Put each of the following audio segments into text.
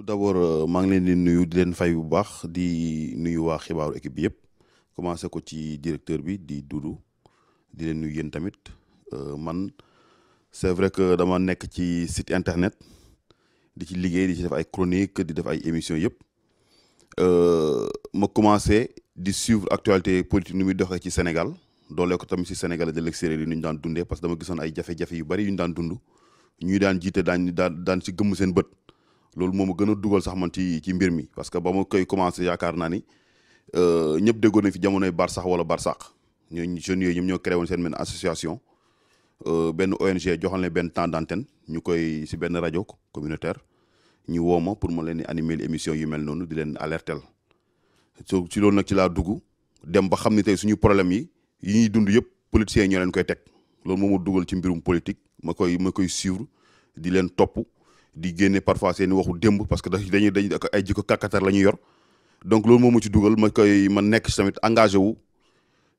tout d'abord euh, maa ngi leen di nuyu di leen fay bu baax di nuyu waa xibaaru équipe bi yëpp commencé ko ci directeur bi di dudu di leen nuyu yéen tamit euh, man c'est vrai que dama nekk ci sit internet di ci liggéey di ci def ay chronique di def ay émission yëpp euh, ma commencé di suivre actualité politique nu muy doxee ci Sénégal doolee ko tamit si Sénégal de l'extérieur yi nu ñu daan dundee parce que dama gisoon ay jafe-jafe ñu daan dund ñuy daan jiite daan daan si gëmm seen bët loolu moom ma gën a dugal sax man ci ci mbir mi parce que ba ma koy commencé yaakaar naa ni euh, ñëpp déggoon nañ fi jamonoy Barsax wala Barsaq ñooñu jeunes yooyu ñoom ñoo créé woon seen benn association euh, benn ONG joxal leen benn temps d'antenne ñu koy si benn rajo communautaire ñu woo ma pour ma leen di animer émission yu mel noonu di leen alertel so ci loolu nag ci laa dugg dem ba xam ne tey suñu problème yi yi ñuy dund yëpp politiciens ñoo leen koy teg loolu moo ma dugal ci mbirum politique ma koy ma koy di leen topp di génne parfois seen waxu démb parce que dañuy dañuy ay jikko kàkkatar la ñuy yor donc loolu moo ma ci dugal ma koy ma nekk ci tamit engagé wu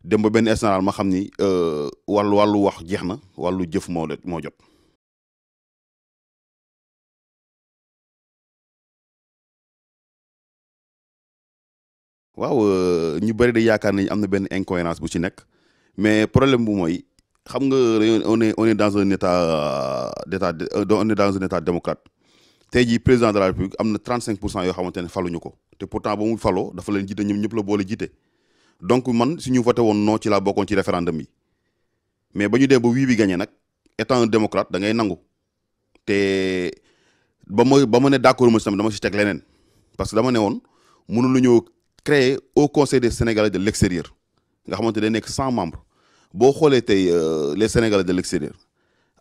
dem ba benn instant ma xam ni euh, wàllu wàllu wax jeex na wàllu jëf moo moo jot. waaw euh, ñu bëri de yaakaar nañ am na benn incohérence bu ci nekk mais problème bu mooy. xam nga on est euh, euh, on est dans un état démocrate tey jii président de la république am na cinq pour cent yoo xamante ne faluñu ko te pourtant ba mu faloo dafa leen jiite ñoom ñëpp la boole jiite donc man suñu voté woon non ci la bokkoon ci référendum yi mais ba ñu dee ba wii bi gagné nag étant un démocrate da ngay nangu te ba mooy ba ma ne d'accord ma si dama si teg neen parce que dama ne woon mënu lu ñëw créer au conseil des sénégalais de l'extérieur nga xamante day nekk 100 membres boo xoolee tey euh, les sénégalais de l'extérieur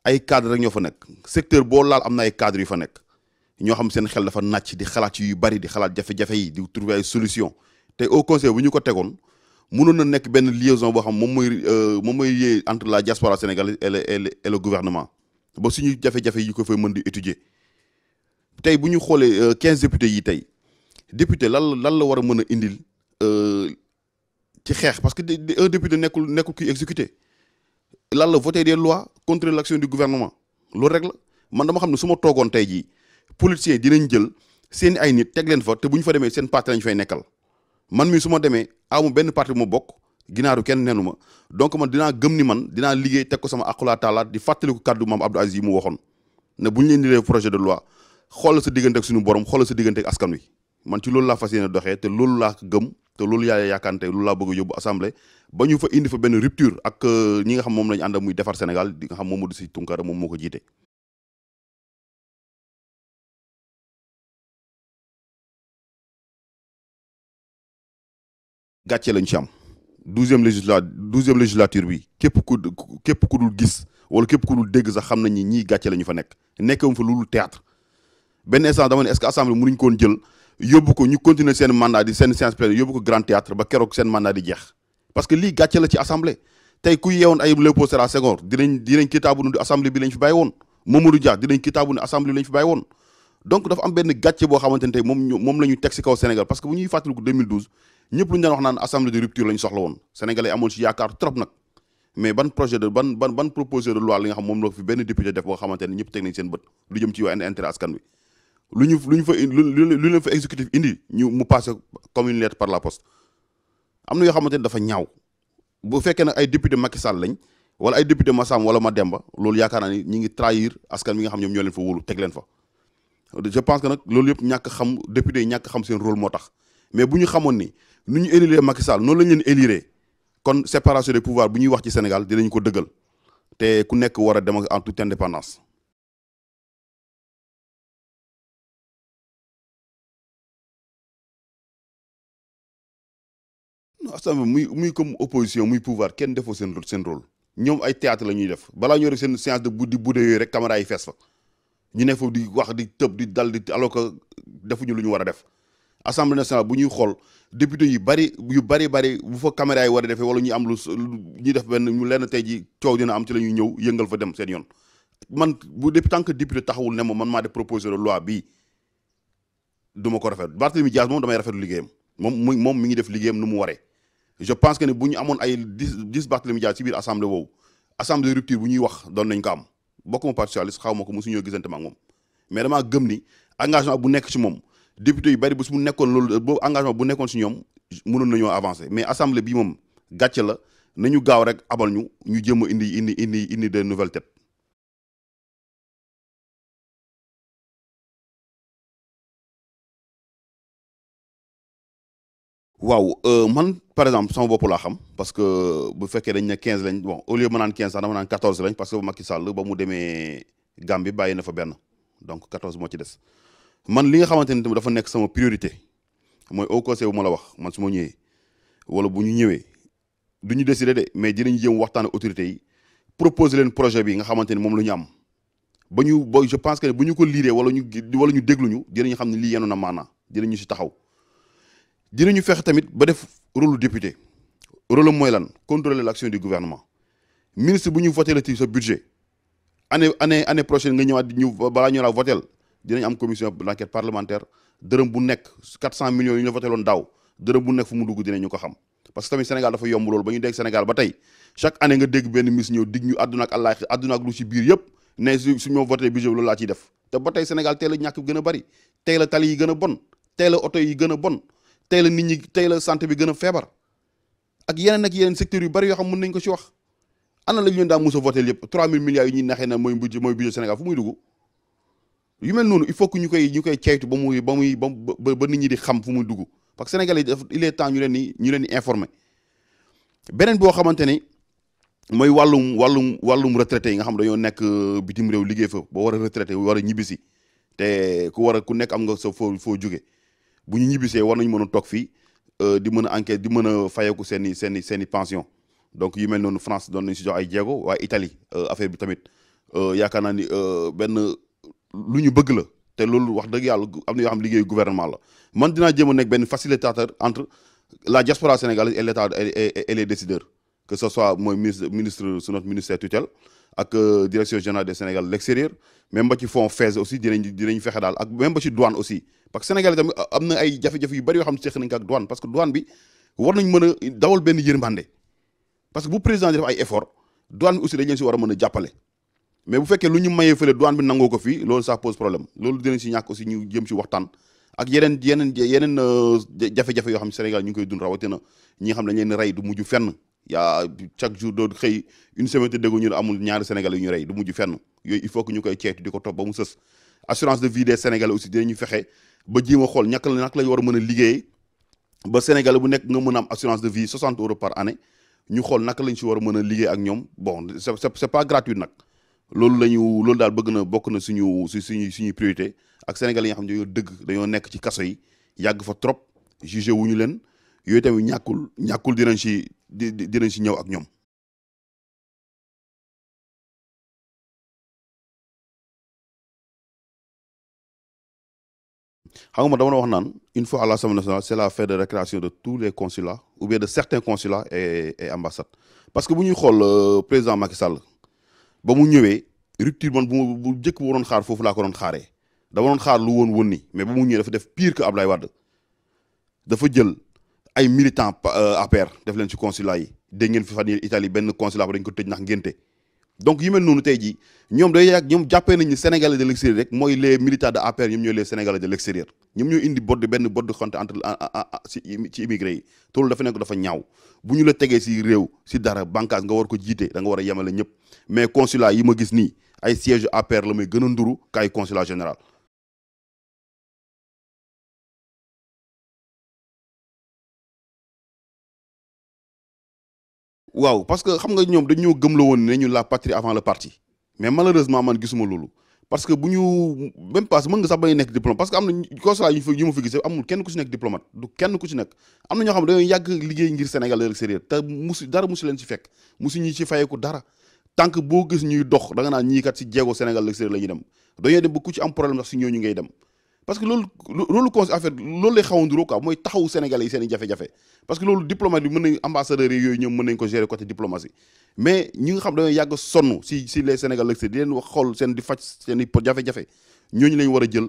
ay cadre rek ñoo fa nekk secteur boo laal am na ay cadres yu fa nekk ñoo xam seen xel dafa nàcc di xalaat yu bari di xalaat jafe-jafe yi di trouver ay solution tey au conseil bu ñu ko tegoon mënoon na nekk benn liaison boo xam moom mooy euh, moom mooy yee la diaspora sénégalaise et gouvernement ba suñu jafe-jafe yi ko fay mën di étudier tey bu ñu xoolee euh, quinze députés yi tey député lan lan la war a mën a indil ci xeex parce que un député nekkul nekkul kuy exécuté lan la voté des lois contre l' action du gouvernement loolu rek la man dama xam ne su ma toogoon tey jii politiciens dinañ jël seen ay nit teg leen fa te bu ñu fa demee seen parti lañ fay nekkal man mi suma ma demee amu benn parti mu ma bokk ginaaru kenn nenu ma donc man dinaa gëm ni man dinaa liggéey teg ko sama aqulaa taala di fàttaliku kàddu maam Abdou Aziz yi mu waxoon ne bu ñu leen di projet de loi xool sa diggante ak borom xoolal sa diggante askan wi man loolu laa fas yéene doxee te loolu laa gëm te loolu yaay yaakaante loolu laa bëgg a yóbbu assemblée ba ñu fa indi fa benn rupture ak euh, ñi nga xam moom la ñu àndal muy defar Sénégal di nga xam Mamadou Sy Tounkara moom moo ko jiite. gàcce lañ ci am douzième législa douzième législature bi képp ku képp ku dul gis wala képp ku dul dégg sax xam na ñi ñii gàcce la ñu fa nekk nekkewum fa lu théâtre benn instant dama ne est-ce que assemblée mënuñ koon jël. yóbbu ko ñu continuer seen mandat di seen séance plénière yóbbu ko grand théâtre ba keroog seen mandat jeex parce que lii gàcce ci assemblée tey ku yeewoon ay Léopold Sédar Senghor dinañ kitaabu nu assemblée bi lañ fi bàyyi woon Mamadou Dia dinañ kitaabu ne assemblée bi lañ fi bàyyi woon donc dafa am benn gàcce boo xamante ne tey moom moom la ñu teg si kaw Sénégal parce que bu ñuy fàttaliku 2012 ñëpp lu ñu daan wax naan assemblée de rupture la fi benn député def boo xamante wi lu ñu lu ñu fa lu lu leen fa exécutif indi ñu mu passé comme par la poste am na yoo xamante ne dafa ñaaw boo fekkee nag ay député Macky Sall lañ wala ay député Massam wala Mademba loolu yaakaar naa ni ñu ngi trahir askan wi nga xam ñoom ñoo leen fa wóolu teg leen fa je pense que nag loolu yëpp ñàkk xam député ñàkk xam seen rôle moo tax mais bu ñu xamoon ni nu ñu éliré Macky Sall noonu lañ leen éliré kon séparation des pouvoirs bu ñuy wax ci Sénégal dinañ ko dëggal te ku nekk war a dem ak en toute indépendance assemblée muy muy comme opposition muy pouvoir kenn defoo seen seen rôle ñoom ay théâtre la ñuy def balaa ñoo def seen séance de bu di budde yooyu rek caméra yi fees fa ñu ne foofu di wax di tëb di dal di alors que defuñu lu ñu war a def assemblée nationale bu ñuy xool député yu bari yu bari bari bu fa caméra yi war defee wala ñu am lu ñuy def benn ñu lenn tey ji coow dina am ci la ñuy ñëw yëngal fa dem seen yoon man bu depuis tanque que député taxawul ne moom man maa di proposer de loi bii du ma ko rafet Barthélémy Dias moom damay rafetlu liggéeyam moom moom mi ngi def liggéeyam nu mu waree je pense que ne bu ñu amoon ay dix dix Barthélémy Dias ci biir assemblée woowu assemblée rupture bu ñuy wax doon nañ ko am bokkuma parti socialiste xaw ma ko mosuñoo gisante ma ak moom mais damaa gëm ni engagement bu nekk ci moom député yu bari bu su mu nekkoon loolu boobu engagement bu nekkoon ci ñoom nañu nañoo avancer mais assemblée bii moom gàcce la nañu gaaw rek abal ñu ñu jéem a indi indi indi indi de nouvelles têtes waaw euh, man par exemple sama bopp laa xam parce que bu fekkee dañ ne quinze lañ bon au lieu ma naan quinze sax dama naan quatorze lañ parce que Macky Sall ba mu demee Gambie bàyyi na fa benn donc quatorze moo ci des man li nga xamante ni dafa nekk sama priorité mooy au conseil bu ma la wax man su ma ñëwee wala bu ñu ñëwee du ñu décider de mais dinañu jëm waxtaan autorité yi proposer leen projet bi nga xamante ni moom la ñu am ba ñu ba je pense que bu ñu ko liiree wala ñu wala ñu dégluñu dinañu xam ne lii yenu na maanaa ñu si taxaw dinañu fexe tamit ba def rôle député rôle mooy lan contrôler l'action du gouvernement ministre bu ñu voté la ci sa budget année année prochaine nga ñëwaat ñu balaa ñu la votel dinañ am commission d'enquête parlementaire dërëm bu nekk 400 millions yu ñu la voté loon daaw dërëm bu nekk fu mu dugg dinañu ko xam parce que tamit Sénégal dafa yomb loolu ba ñu dégg Sénégal ba tey chaque année nga dégg benn ministre ñëw dig ñu àdduna ak àllaaxi àdduna ak lu ci yëpp ne laa ciy def te ba tey Sénégal tey la ñàkk gën a bari tey la tali yi gën a bon tey la oto yi gën a bon tey la nit ñi tey la santé bi gën feebar ak yeneen ak yeneen secteurs yu bari yoo xam mën nañ ko ci wax ana la ñu leen daa mos a voté yëpp 3000 milliards yi ñuy naxee na mooy budget mooy budget Sénégal fu muy dugg yu mel noonu il faut que ñu koy ñu koy ceytu ba muy ba muy ba ba nit ñi di xam fu muy dugg parce que Sénégalais yi il est temps ñu leen di ñu leen di informer beneen boo xamante ni mooy wàllum wàllum wàllum retraité yi nga xam dañoo nekk euh, bitim réew liggéey fa ba war a retraité war a ñibbisi te ku war a ku nekk am nga sa foo foo jóge bu ñu ñibbisee war nañ mën a toog fii euh, di mën a enquête di mën a fayeku seen i seen pension donc yu mel noonu France doon nañ si jox ay jéego waaye Italie euh, affaire bi tamit euh, yaakaar naa ni benn lu ñu bëgg la te lu wax dëgg yàlla am na yoo xam liggéeyu gouvernement la man dinaa jéem a nekk benn facilitateur entre la diaspora sénégalaise et l'état et les décideurs que ce soit mooy ministre ministre su notre ministère tutelle ak direction générale de Sénégal l'extérieur même ba ci fonds FAISE aussi dinañ dinañ fexe daal ak même ba ci douane aussi parce que Sénégal tamit am na ay jafe yu bari yoo xam ne seex nañ ko ak a dawal benn yërmande parce que bu président di def ay effort douane bi aussi si war a mën a jàppale mais bu fekkee lu ñu mayee fële douane bi nangoo ko fii loolu ça pose problème loolu dinañ si ñàkk jëm si waxtaan ak yeneen yeneen yeneen euh, jafe-jafe yoo xam ne Sénégal ñu ngi koy dund rawatina ñi nga xam ne dañ leen rey du mujj fenn yaa chaque jour xëy une semaine te déggu ñu amul ñaari Sénégal yu ñu rey du mujj fenn yooyu il faut que ñu koy ceetu di ko topp ba mu sës assurance de vie des aussi aussi ñu fexe ba jéem a xool ñàkk la nag la war a mën a liggéey ba Sénégal bu nekk nga mën a am assurance de vie 60 euros par année ñu xool naka lañ si war a mën a liggéey ak ñoom bon c'est c'est pas gratuit nag loolu la ñu loolu daal bëgg na bokk na suñu su suñu suñuy priorité ak Sénégal yi xam ne dañoo dëgg dañoo nekk ci kaso yi yàgg fa trop wu ñu leen yooyu tamit ñàkkul ñàkkul dinañ si di ren si ñëw ak ñoom xam nga ma dama wax naan une fois à l'Assemblée nationale c'est la fête de récréation de tous les consulats ou bien de certains consulats et et parce que bu ñuy xool euh, président Macky Sall ba mu ñëwee rupture man bu bu njëkk bu xaar foofu laa ko doon xaare dama doon xaar lu woon woon ni mais ba mu ñëwee dafa def pire que Abdoulaye Wade dafa jël ay militants euh, APR def leen ci consulat yi de ngeen fi fan yii Italie benn consulat ba dañ ko tëj ndax ngénte donc yu mel noonu tey jii ñoom day yàgg ñoom jàppee nañu sénégalais de l'extérieur rek mooy les militaires de APR ñoom ñooy les sénégalais de l'extérieur ñoom ñoo indi bodd benn bodd xonte entre ci ah, ah, ah, ci immigré yi toolu dafa nekk dafa ñaaw bu ñu la tegee si réew si dara bànqaas nga war ko jiite da nga war a yemale ñëpp mais consulat yi ma gis nii ay siège APR la may gën a nduru kay consulat général waaw parce que xam nga ñoom dañoo gëmloo woon ne ñu la patrie avant le parti mais malheureusement man gisuma loolu parce que bu ñu même parce que am na consulat yu yu ma fi gisee kenn ku ci nekk diplomate du kenn ku ci nekk am na ñoo xam ne dañoo yàgg liggéey ngir Sénégal extérieur te musu dara musu leen ci fekk musu ñi ci fayeeku dara tant boo gis ñuy dox da nga naan ñii kat ci jéego Sénégal extérieur la ñuy dem dañoo dem ba ku ci am problème sax ci ñooñu ngay dem parce que loolu loolu conseil affaire loolu lay xaw a nduroo quoi mooy taxawu sénégalais yi seen i jafe-jafe parce que loolu diplomate bi mën nañ ambassadeurs yooyu ñoom mën nañ ko gérer côté mais ñi nga xam dañoo yàgg sonn si si les sénégalais di leen xool seen di faj seen i jafe-jafe ñooñu lañ war a jël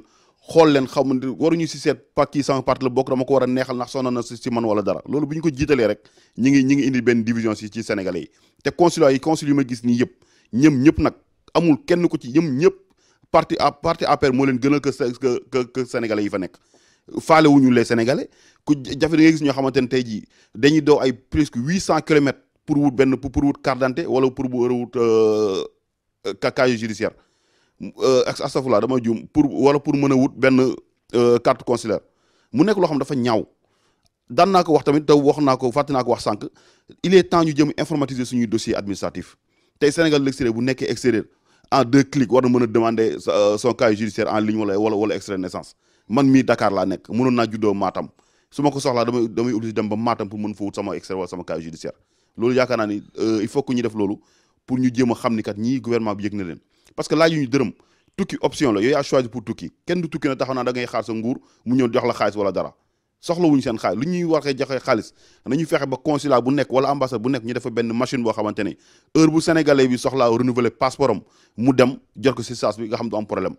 xool leen xaw waruñu si seet pas kii sama parti la bokk dama ko war a neexal ndax sonn na si man wala dara loolu bu ñu ko jiitalee rek ñi ngi ñi ngi indi benn division si ci sénégalais yi te consulat yi consul ma gis nii yëpp ñëm ñëpp nag amul kenn ko ci ñëm ñëpp parti à parti APR moo leen gënal que que que sénégalais yi fa nekk faale wuñu les sénégalais ku jafe da ngay gis ñoo xamante ne tey jii dañuy daw ay presque huit cent kilomètres pour wut benn pour wut carte wala pour wut euh, casier judiciaire ak euh, astafurlah dama juum pour wala pour mën a wut benn euh, carte consulaire mu nekk loo xam dafa ñaaw daan naa ko wax tamit te wax naa ko fàtte naa ko wax sànq il est temps ñu jëm informatiser suñuy dossier administratif tey Sénégal l'extérieur bu nekkee extérieur en deux clics war na mën a demander euh, son casier judiciaire en ligne wala wala extrait de naissance man mii Dakar laa nekk mënoon naa juddoo Matam su ma ko soxlaa damay damay obligé dem ba Matam pour mën fa wut sama extrait wala sama casier judiciaire loolu yaakaar naa ni euh, il faut que ñu def loolu pour ñu jéem a xam ni kat ñii gouvernement bi yëg na leen parce que laaj yu ñu dërëm tukki option la yooyu yaa choisi pour tukki kenn du tukki na a naa a ngay xaar sa nguur la xaalis wala dara soxla wuñ seen xaalis lu ñuy war a joxe xaalis ñuy fexe ba consulat bu nekk wala ambassade bu nekk ñu defa benn machine boo xamante ne heure bu sénégalais bi soxlaa renouveler passeport am mu dem jot ko si saas bi nga xam du am problème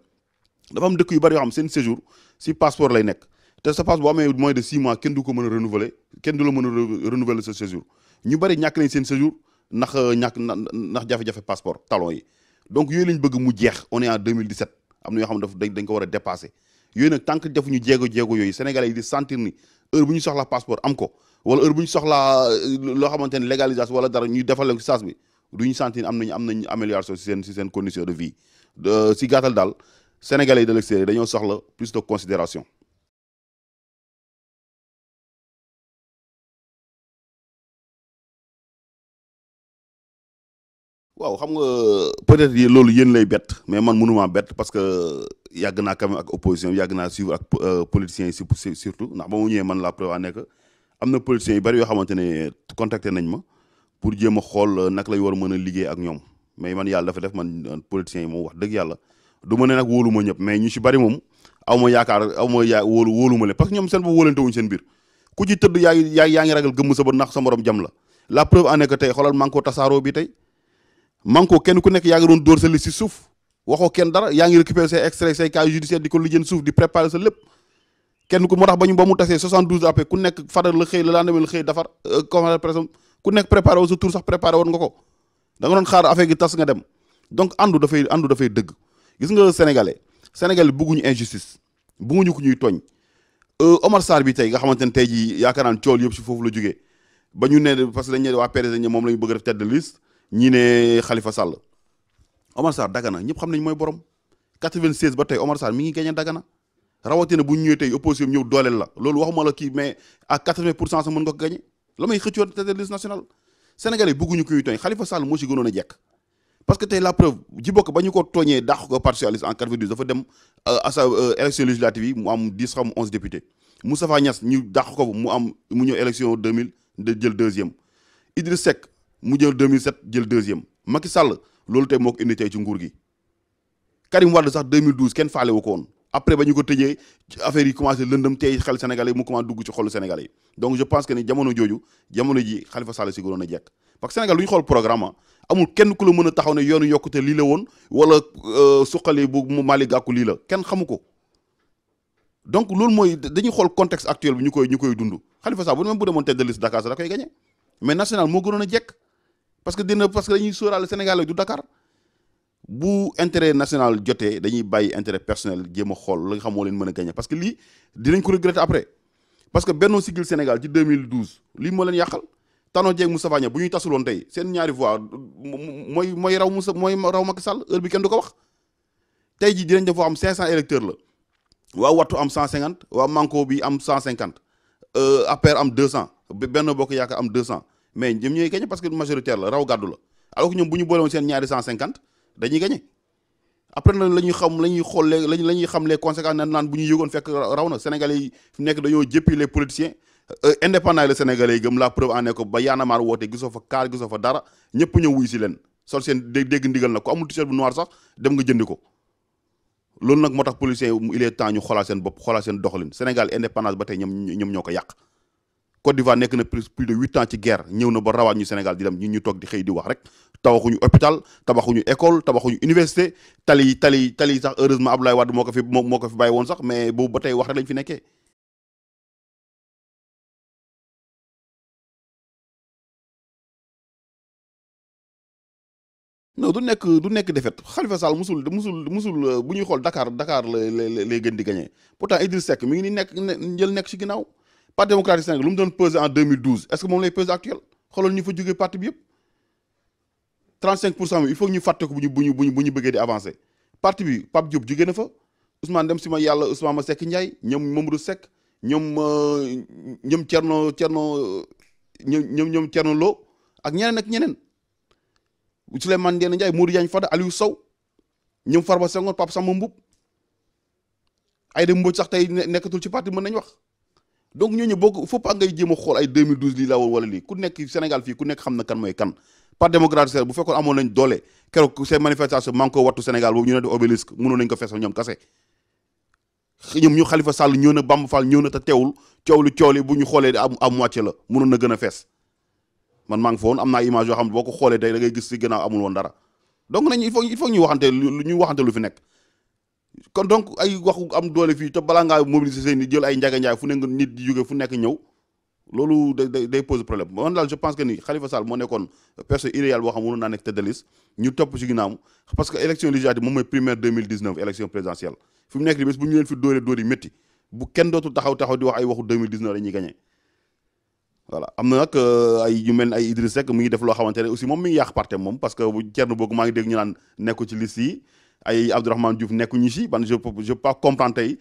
dafa am dëkk yu bari yoo xam seen séjour si passeport lay nekk te sa passe bu amee moins de six mois kenn du ko mën a renouveler kenn du la mën a renouveler sa séjour ñu bari ñàkk nañ seen séjour nax euh, ñàkk ndax jafe-jafe passeport talon yi donc yooyu mu jeex on est yoo xam ne daf dañ ko war a dépasser yooyu nag tant que defuñu jéego jéego yooyu sénégalais yi di sentir ni heure bu ñu soxla passeport am ko wala heure bu ñu soxlaa euh, loo xamante ne légalisation wala dara ñu defal leen ko saas bi du ñu sentir am nañu am nañu amélioration si seen si seen condition de vie si euh, gàttal daal sénégalais yi de l'extérieur dañoo soxla plus de considération waaw xam nga euh, peut-être loolu yéen lay bet mais man mënumaa bett parce que yàgg naa quand ak opposition yàgg naa suivre ak euh, politiciens yi surtout ndax ba mu ñëwee man la preuve nekk am na politiciens yu bari yoo xamante ne contacté nañ ma pour jéem a xool euh, naka lañ war a mën a liggéey ak ñoom mais man yàlla dafa def man euh, politiciens yi moom wax dëgg yàlla du ma ne nag wóolu ma ñëpp mais ñu si bari moom a ma yaakaar a ma yaa wóolu wóolu ma leen parce que ñoom seen bopp wóolante wuñ seen biir ku ci tëdd yaa ngi yaa ngi ragal gëmm sa ba nax sa morom jam la la preuve en est tey xoolal maa ngi kenn ku nekk yaa ngi doon dóor sa si suuf waxoo kenn dara yaa ngi récupérer say extrait say cas judiciaire di ko lijjeen suuf di préparer sa lépp kenn moo tax ba ba mu tasee 72 après ku nekk faral la xëy la euh, nekk préparé woon sa tour sax préparé woon nga ko da nga doon xaar affaire gi tas nga dem donc andu dafay andu dafay dëgg gis nga sénégalais sénégalais bugguñu injustice bugguñu ku ñuy tooñ euh, Omar Sarr bi tey nga xamante ne tey jii yaakaar naan cool yëpp si foofu la jógee ba ñu ne parce que la ñu bëgg a def tête de liste ñii ne Omar Sarr Dagana ñëpp xam nañ mooy borom 96 ba tey Omar Sarr mi ngi gagné Dagana rawatina bu ñu ñëwee tey opposition ñëw dooleel la loolu waxuma la kii mais à 80 pour cent sax mën nga la may xëccoon tête de liste nationale sénégalais bëgguñu ko ñuy tooñ Khalifa Sall moo si gënoon a jekk parce que tey la preuve ji bokk ba ñu ko tooñee dàq ko parti socialiste en 92 dafa dem euh, asa euh, élection législative yi mu am 10 xam 11 députés Moustapha Niass ñu dàq ko mu am mu ñëw élection 2000 de jël deuxième Idriss Seck mu jël 2007 jël deuxième Macky Sall loolu tey moo ko tey ci nguur gi Karim Wade sax 2012 kenn faale wu ko woon après ba ñu ko tëjee affaire yi commencé lëndëm tey xel sénégalais mu commencé dugg ci xolu sénégalais yi donc je pense que ni jamono jooju jamono ji Khalifa Sall si gënoon a jekk parce que Sénégal lu ñu xool programme amul kenn ku la mën a taxaw ne yoonu yokkute lii la woon wala euh, suqali bu mu Malick Gakou lii la kenn xamu ko donc loolu mooy dañuy xool contexte actuel bi ñu koy ñu koy dund Khalifa Sall bu même bu demoon tête de liste Dakar sax da parce que dina parce que dañuy sóoraale Sénégal du Dakar bu intérêt national jotee dañuy bàyyi intérêt personnel jéem a xool la xamoo leen mën a gagné parce que lii dinañ ko regretter après parce que Benno Siggil Sénégal ci 2012 lii moo leen yàqal Tanor Dieng Moustapha Niasse bu ñuy tasuloon tey seen ñaari voix mooy mooy raw Moussa mooy raw Macky bi kenn du ko wax tey jii dinañ def foo am 500 électeur la waaw Wattu am cent 150 waa Manko bi cent 150 euh, APR am 200 Benno Bokk Yaakaar am 200. mais ñoom ñooy gagné parce que majoritaire la raw gàddu la alors que ñoom bu ñu boole seen ñaari cent cinquante dañuy gagné après nag la ñuy xam la ñuy xool la ñuy xam les conséquences naan bu ñu yëgoon fekk raw na sénégalais yi nekk dañoo jëppi les politiciens euh, indépendant yi la sénégalais yi gëm preuve en est ko ba yaanamaar woote gisoo fa kaar gisoo fa dara ñëpp ñëw wuy si leen sol seen dégg ndigal na ko amul t-shirt bu noir sax dem nga jëndi ko loolu nag moo tax politiciens il est temps ñu xoolal seen bopp xoolal seen doxalin Sénégal indépendance ñoo ko yàq Côte d'Ivoire nekk na plus plus de huit ans ci guerre ñëw na ba rawaat ñu Sénégal di dem ñun ñu toog di xëy di wax rek tabaxuñu hôpital tabaxuñu école tabaxuñu université tali yi tali tali yi sax heureusement Abdoulaye Wade moo ko fi moo ko fi bàyyi woon sax mais boobu ba tey wax rek lañ fi nekkee. non du nekk du nekk défaite Khalifa Sall musul musul euh, bu ñuy xool Dakar Dakar la lay gën di gagné pourtant Idriss Seck mi ngi ni nekk jël nekk ci ginnaaw. parti démocratique Sénégal lu mu doon peser en 2012 est-ce que moom lay peser actuel xoolal ñu fa jógee parti bi yëpp 35 pour cent bi il faut ñu fàtte ko bu ñu bu ñu bu ñu bëggee di avancer parti bi Pape Diop jógee na fa Ousmane dem si ma yàlla Ousmane ma Seck Ndiaye ñoom Mamadou Seck ñoom euh, ñoom Thierno Thierno euh, ñoom ñoom Thierno Lo ak ñeneen ak ñeneen Souleymane Ndéné Ndiaye Modou Diagne Fada Aliou Sow ñoom Farba Senghor Pape Samba Mboup Aïda Mbodj sax tey nekkatul ci parti mën nañ wax. donc ñooñu boo ko foppa ngay jéem a xool ay 2012 lii laa war lii ku nekk Sénégal fii ku nekk xam na kan mooy kan par démocratie bu fekkoon amoon nañ doole keroog seen manifestation maa ngi wattu Sénégal boobu ñu ne def obélisque mënoon nañ ko na te teewul coow li coow li bu ñu xoolee am am moitié la mënoon na gën a fees man maa ngi fa am naa image yoo xam boo ko xoolee tey da ngay gis si gannaaw amul woon dara donc nañ il faut ñu waxante lu ñu waxante lu fi nekk kon donc ay waxu am doole fii te balaa ngaa mobiliser i jël ay njaga njaay fu nekk ñëw loolu day day pose problème man daal je pense que ni Khalifa Sall moo nekkoon personne idéale boo xam mënoon naa nekk tête de ñu topp ci ginnaawam parce que élection législative moom mooy primaire 2019 élection présidentielle fi mu nekk nii bés bu ñu leen fi dóoree dóor yi bu kenn dootul taxaw taxaw di waxu 2019 la ñuy gagné voilà am euh, def loo ay Abdourahmane Diouf nekkuñu si man je je pas comprendre tey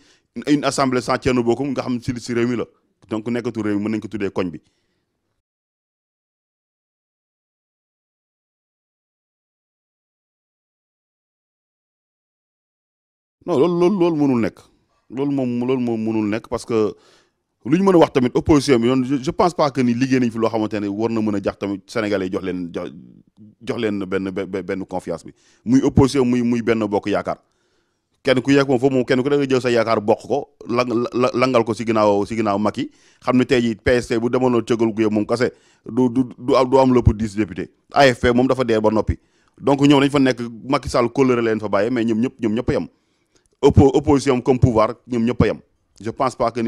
une assemblée sans Thierno Bocoum nga xam si si mi la donc nekkatu réew mi mën nañ ko tuddee koñ bi. non loolu loolu loolu nekk loolu moom nekk parce que. lu ñu mën a wax tamit opposition bi yoon je pense pas que ni liggéey nañ fi loo xamante ne war na mën a jax tamit sénégalais jox leen jox jox leen benn benn confiance bi muy opposition muy muy benn bokk yaakaar kenn ku yeeg moom foofu moom kenn ku da nga jël sa yaakaar bokk ko la langal ko si ginnaaw si ginnaaw Macky xam ne tey jii PST bu demoonoo cëgal gu yëpp moom kase du du du am lépp dix député AFP moom dafa dee ba noppi donc ñëw dañ fa nekk Macky Sall kóllëre leen fa bàyyee mais ñoom ñëpp ñoom ñëpp a yem opposition comme ñoom ñëpp yem je pense pas que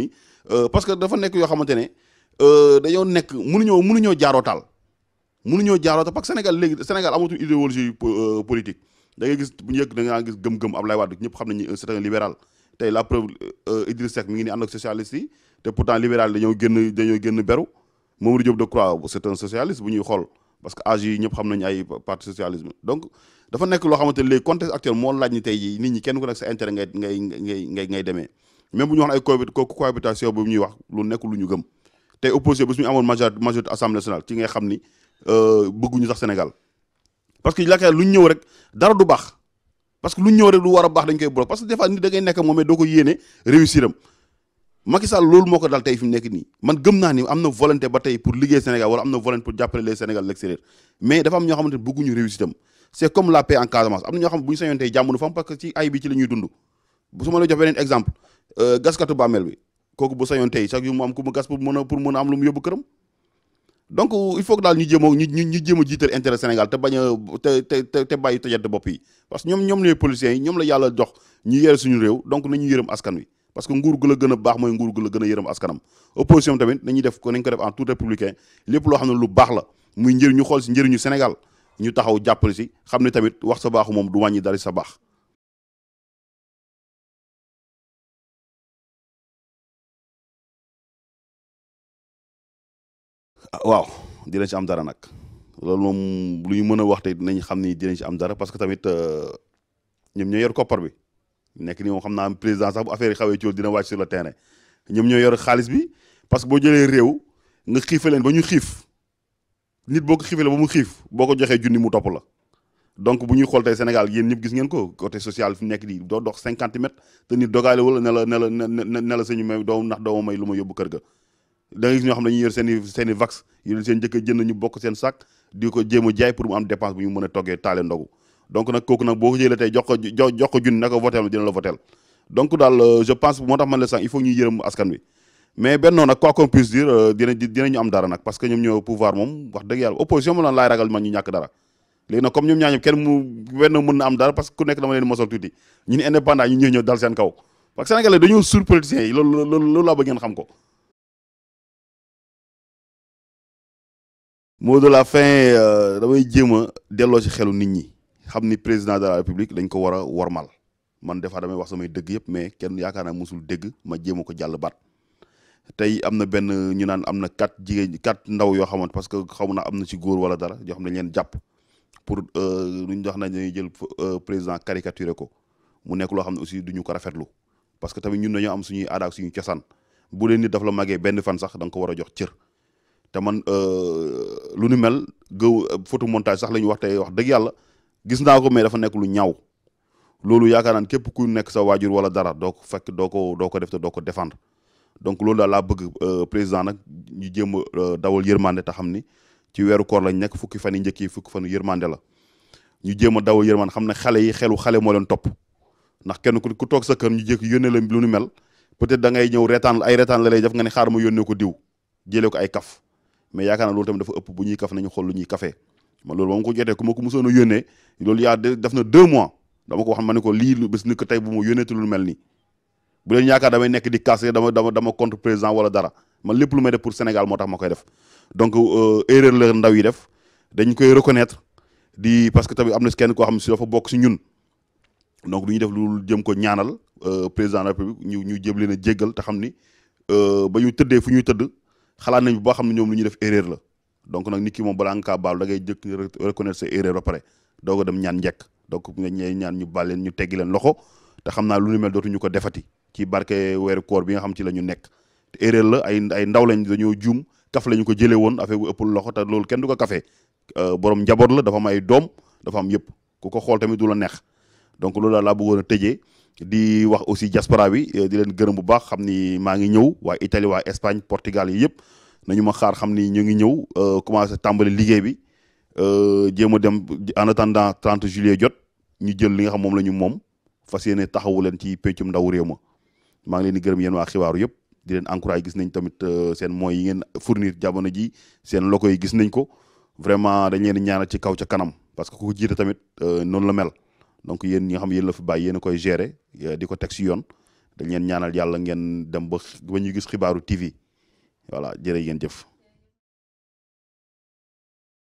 Euh, parce que dafa nekk yoo xamante ne euh, dañoo nekk mënuñoo ñoo jaaroo taal mënuñoo jaaroo taal parce que Sénégal léegi Sénégal amatul idéologie euh, politique da ngay gis bu njëkk da ngaa gis gëm-gëm Ablaye Wade ñëpp xam na c'est un libéral tey la preuve mi ngi ni ànd ak socialiste yi te pourtant libéral dañoo génn dañoo génn beru Mamadou Diop Decroix c'est un socialiste bu ñuy xool parce que âge yi ñëpp xam nañu ay parti socialisme donc dafa nekk loo xamante ne léegi contexte actuel moo laaj ni tey jii nit ñi kenn ko nekk sa intérêt ngay ngay ngay ngay ngay même bu ñu wax ay co cohabitation boobu ñuy wax lu nekk lu ñu euh, sax Sénégal parce que yaakaar lu ñu ñëw rek dara du baax parce lu ñu ñëw rek lu war a baax dañ koy bolo moom mais doo ko yéene réussir am loolu moo ko tey fi mu man gëm naa ni am na volonté ba tey pour liggéey Sénégal wala am na volonté pour jàppale Sénégal l'extérieur mais dafa am ñoo xamante ne bëgguñu comme la paix en Casamance am na ñoo xam bu ñu sañoon fam parce que ci ay bi ci la ñuy ma la exemple Euh, gaskatu bàmmeel bi kooku bu sañoon tey chaque jour mu am ku gas pour mën pour mën am lu mu yóbbu këram donc euh, il faut que daal ñu jéem a ñu ñu ñu a jiital intérêt Sénégal te bañ a te te te bàyyi tojante bopp yi parce que ñoom ñoom les ñoom la yàlla jox ñu yore suñu réew donc nañu yërëm askan wi parce que nguur gu la gën baax mooy nguur gu la gën a yërëm askanam opposition tamit nañuy def ko nañ ko def en lépp loo xam ne lu baax la muy njëriñ ñu xool si njëriñu Sénégal ñu taxaw jàppale si xam ne tamit wax sa baaxu moom du wàññi dara sa baax waaw dinañ ci am dara nag loolu moom lu ñu mën a wax te dinañ xam ni dinañ am dara parce que tamit euh, ñoom ñoo yor koppar bi nekk ni moom xam naa président sax bu affaire yi xawee ci dina wàcc sur le terrain ñoom ñoo yor xaalis bi parce que boo jëlee réew nga leen ba ñu xiif nit boo ko xiifalee ba mu xiif boo ko joxee junni mu topp la donc bu ñuy xool tey Sénégal yéen ñëpp gis ngeen ko côté social fi nekk di doo dox cinquante mètres te nit dogaale wala ne la ne la ne la may doomu ndax doomu may lu ma yóbbu kër ga da nga gis ñoo xam ne dañuy yor seen vax yu seen njëkk a jënd ñu bokk seen sac di ko a jaay pour mu am dépense bu ñu mën a taale ndogu donc nag kooku nag boo ko jëlee tey jox ko jox ko junni na ko votel dina la votel euh, euh, dina dinañu am dara nag parce que ñoom ñoo pouvoir moom wax dëgg yàlla opposition moom lan laay ragal man ñu ñàkk dara léegi nag comme ñoom ñaa ñoom kenn na am dara parce que ku nekk dama leen mosal tuuti ñu ni indépendant ñu ñëw ko moo de la fin euh, damay jéem a delloo ci xelu nit ñi xam ni président de la république dañ ko war a wormal man des fois damay wax samay dëgg yëpp mais kenn yaakaar naa mosul dégg ma jéem ko jàll baat tey am na benn ñu naan am na quatre jigéen quatre ndaw yoo xamante parce que xamu naa am na ci góor wala dara yoo xam ne leen jàpp pour euh, lu ñu wax nañ dañuy jël euh, président caricaturé ko mu nekk loo xam ne aussi du ñu ko rafetlu parce que tamit ñun dañoo am suñuy aada suñu suñuy cosaan bu leen nit daf la màggee benn fan sax da ko war a jox cër te man euh, lu nu mel gëw photo montage sax la ñu wax tey wax dëgg yàlla gis naa ko mais dafa nekk lu ñaaw loolu yaakaar naan képp ku nekk sa waajur wala dara doo fekk doo ko doo ko def te doo ko défendre donc loolu daal laa bëgg euh, président nag ñu jéem a euh, dawal yërmande te xam ni ci weeru koor lañ nekk fukki fan yi njëkk yi fukki fan yërmande la ñu jéem a dawal yërmande xam ne xale yi xelu xale moo leen topp ndax kenn ku toog sa kër ñu jékki yónnee la lu nu mel peut-être da ngay ñëw reetaan ay reetaan la lay def nga ne xaar ma yónnee ko diw jëlee ko ay kaf mais yaakaar naa loolu tamit dafa ëpp bu ñuy kaf nañu xool lu ñuy kafe man loolu ba ma ko jotee ku ma ko mosoon a yónnee yaa def na deux mois dama ko wax ma ne ko lii lu bés ni ko tey bu ma yónneetu lu mel nii bu leen yaakaar damay nekk di casser dama dama dama contre président wala dara man lépp lu may def pour Sénégal moo tax ma koy def donc euh, erreur la ndaw yi def dañ koy reconnaître di parce que tamit am na kenn koo xam ne si dafa bokk si ñun donc du ñu def lu jëm ko ñaanal euh, président de la République ñu ñu jëm leen a xam ni euh, ba ñu tëddee fu ñuy tëdd xalaat nañu bu boo xam ne ñoom lu ñuy def erreur la donc nag nit ki moom balaa nga kaa baal da ngay jëkk reconnaître sa erreur ba pare doo ko dem ñaan njekk donc nga ñee ñu baal leen ñu teggi leen loxo te xam na lu ni mel dootuñu ko defati ci barke weeru koor bi nga xam ci la ñu nekk te la ay ay ndaw lañ dañoo juum kaf la ñu ko jëlee woon affaire bu ëppul loxo te loolu kenn du ko kafe euh, borom njaboot la dafa am ay doom dafa am yëpp ku ko xool tamit du la neex donc loolu daal laa bëggoon a tëjee di wax aussi diaspora bi eh, di leen gërëm bu baax xam ni maa ngi ñëw waa Italie waa Espagne Portugal yi yëpp nañu ma xaar xam ni ñu ngi ñëw euh, commencé tàmbali liggéey bi euh, jéem a dem en attendant trente juillet jot ñu jël li nga xam moom la ñu moom fas yéene taxawu leen ci peccum ndaw réew ma maa ngi leen gërëm yéen waa xibaaru yëpp di leen encouragé gis nañ tamit euh, seen moyens yi ngeen fournir jamono ji seen loko yi gis nañ ko vraiment dañ leen ñaanal ci kaw ca kanam parce que ku ko jiite tamit noonu la mel. donc yéen ñi nga xam yéen la fi bàyyi yéen koy gérer euh, di ko teg si yoon dañ leen ñaanal yàlla ngeen dem ba ba ñuy gis xibaaru TV voilà jërë ngeen jëf.